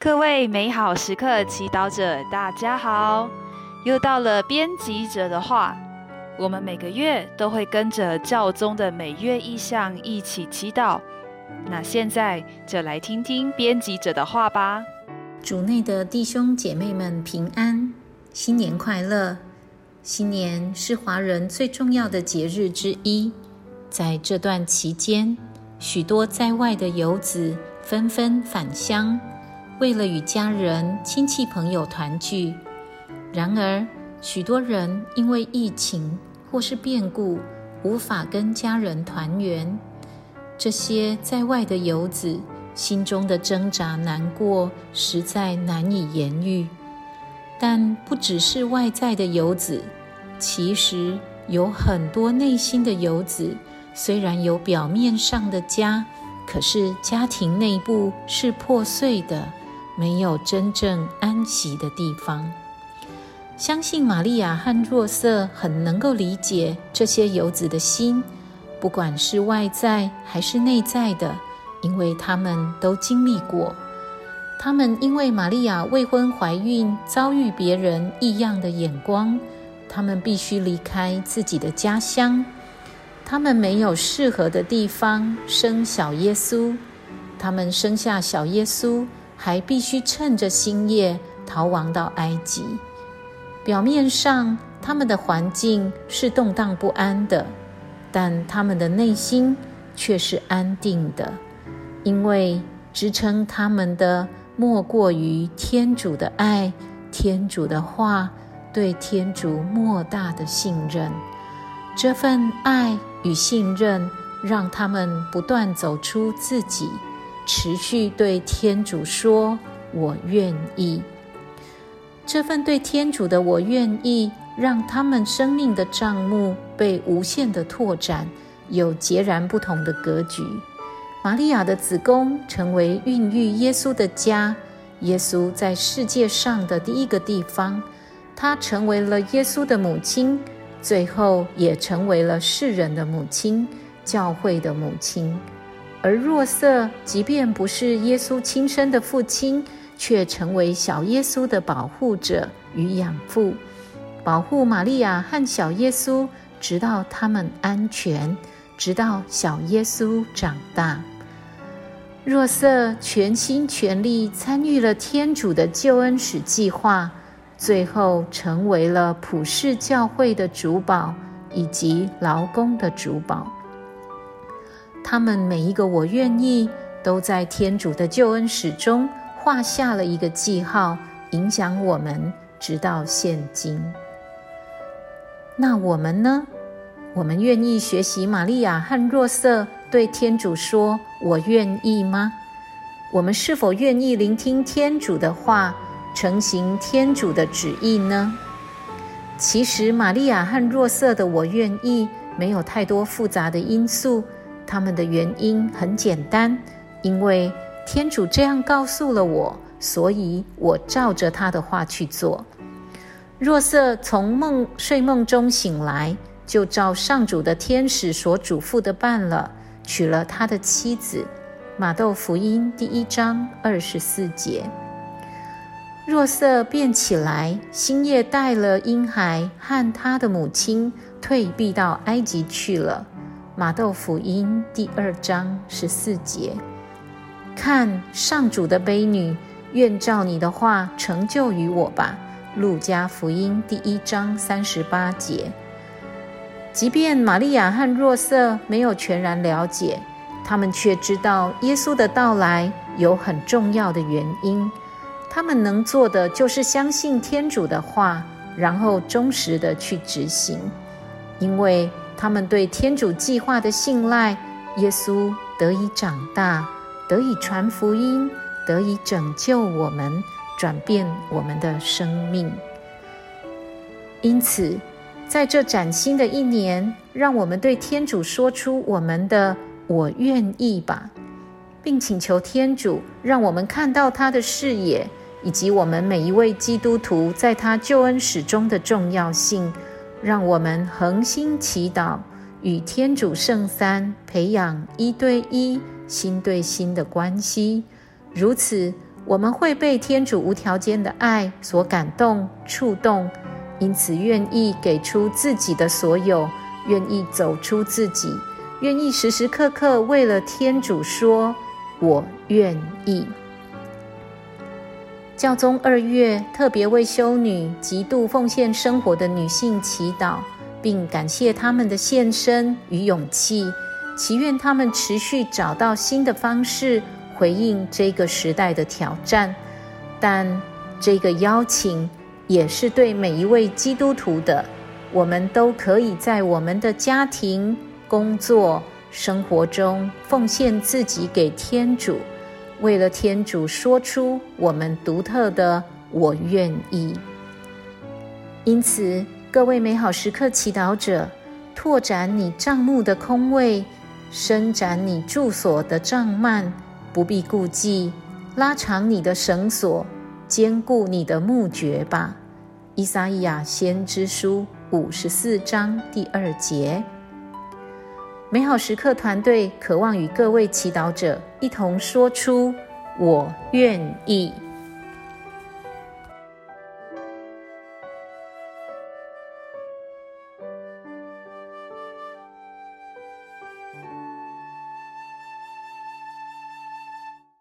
各位美好時刻祈禱者，大家好！又到了編輯者的話。我們每個月都會跟着教宗的每月意向一起祈禱。那現在就來聽聽編輯者的話吧。主內的弟兄姐妹們，平安！新年快樂！新年是華人最重要的節日之一，在這段期間，許多在外的游子紛紛返鄉。為了與家人、親戚、朋友團聚，然而許多人因為疫情或是變故，無法跟家人團圓。這些在外的遊子心中的掙扎、難過，實在難以言喻。但不只是外在的遊子，其實有很多內心的遊子，雖然有表面上的家，可是家庭內部是破碎的。沒有真正安息的地方。相信瑪利亞和若瑟很能夠理解這些遊子的心，不管是外在還是內在的，因為他們都經歷過。他們因為瑪利亞未婚懷孕，遭遇別人異樣的眼光，他們必須離開自己的家鄉。他們沒有適合的地方生小耶穌，他們生下小耶穌，還必須趁着星夜逃亡到埃及。表面上，他們的環境是動盪不安的，但他們的內心卻是安定的，因為支撐他們的，莫過於天主的愛、天主的話、對天主莫大的信任。這份愛與信任，讓他們不斷走出自己。持續對天主說“我願意”，這份對天主的“我願意”，讓他們生命的帳幕被無限的拓展，有截然不同的格局。瑪利亞的子宮成為孕育耶穌的家，耶穌在世界上的第一個地方，她成為了耶穌的母親，最後也成為了世人的母親，教會的母親。而若瑟，即便不是耶穌親生的父親，卻成為小耶穌的保護者與養父，保護瑪利亞和小耶穌，直到他們安全，直到小耶穌長大。若瑟全心全力參與了天主的救恩史計劃，最後成為了普世教會的主保，以及勞工的主保。他們每一個我願意，都在天主的救恩史中畫下了一個記號，影響我們直到現今。那我們呢？我們願意學習瑪利亞和若瑟對天主說“我願意”嗎？我們是否願意聆聽天主的話，承行天主的旨意呢？其實，瑪利亞和若瑟的“我願意”沒有太多複雜的因素。他們的原因很簡單，因為天主這樣告訴了我，所以我照着他的話去做。若瑟從夢睡夢中醒來，就照上主的天使所囑咐的辦了，娶了他的妻子。瑪竇福音第一章二十四節。若瑟便起來，星夜帶了嬰孩和他的母親，退避到埃及去了。瑪竇福音第二章十四節，看上主的婢女，願照你的話成就於我吧。路加福音第一章三十八節，即便瑪利亞和若瑟沒有全然了解，他們卻知道耶穌的到來有很重要的原因。他們能做的就是相信天主的話，然後忠實的去執行，因為。他們對天主計劃的信賴，耶穌得以長大，得以傳福音，得以拯救我們，轉變我們的生命。因此，在這嶄新的一年，讓我們對天主說出我們的“我願意”吧，並請求天主讓我們看到他的視野，以及我們每一位基督徒在他救恩史中的重要性。讓我們恆心祈禱，與天主聖三培養一對一、心對心的關係。如此，我們會被天主無條件的愛所感動、觸動，因此願意給出自己的所有，願意走出自己，願意時時刻刻為了天主說“我願意”。教宗二月特別為修女及度奉獻生活的女性祈禱，並感謝她們的獻身與勇氣，祈願她們持續找到新的方式，回應這個時代的挑戰。但這個邀請也是對每一位基督徒的，我們都可以在我們的家庭、工作、生活中奉獻自己給天主。為了天主，說出我們獨特的“我願意”。因此，各位美好時刻祈禱者，拓展你帳幕的空位，伸展你住所的帳幔，不必顧忌，拉長你的繩索，堅固你的木橛吧。《依撒意亞先知書》五十四章第二節。美好時刻團隊渴望與各位祈禱者一同說出：“我願意。”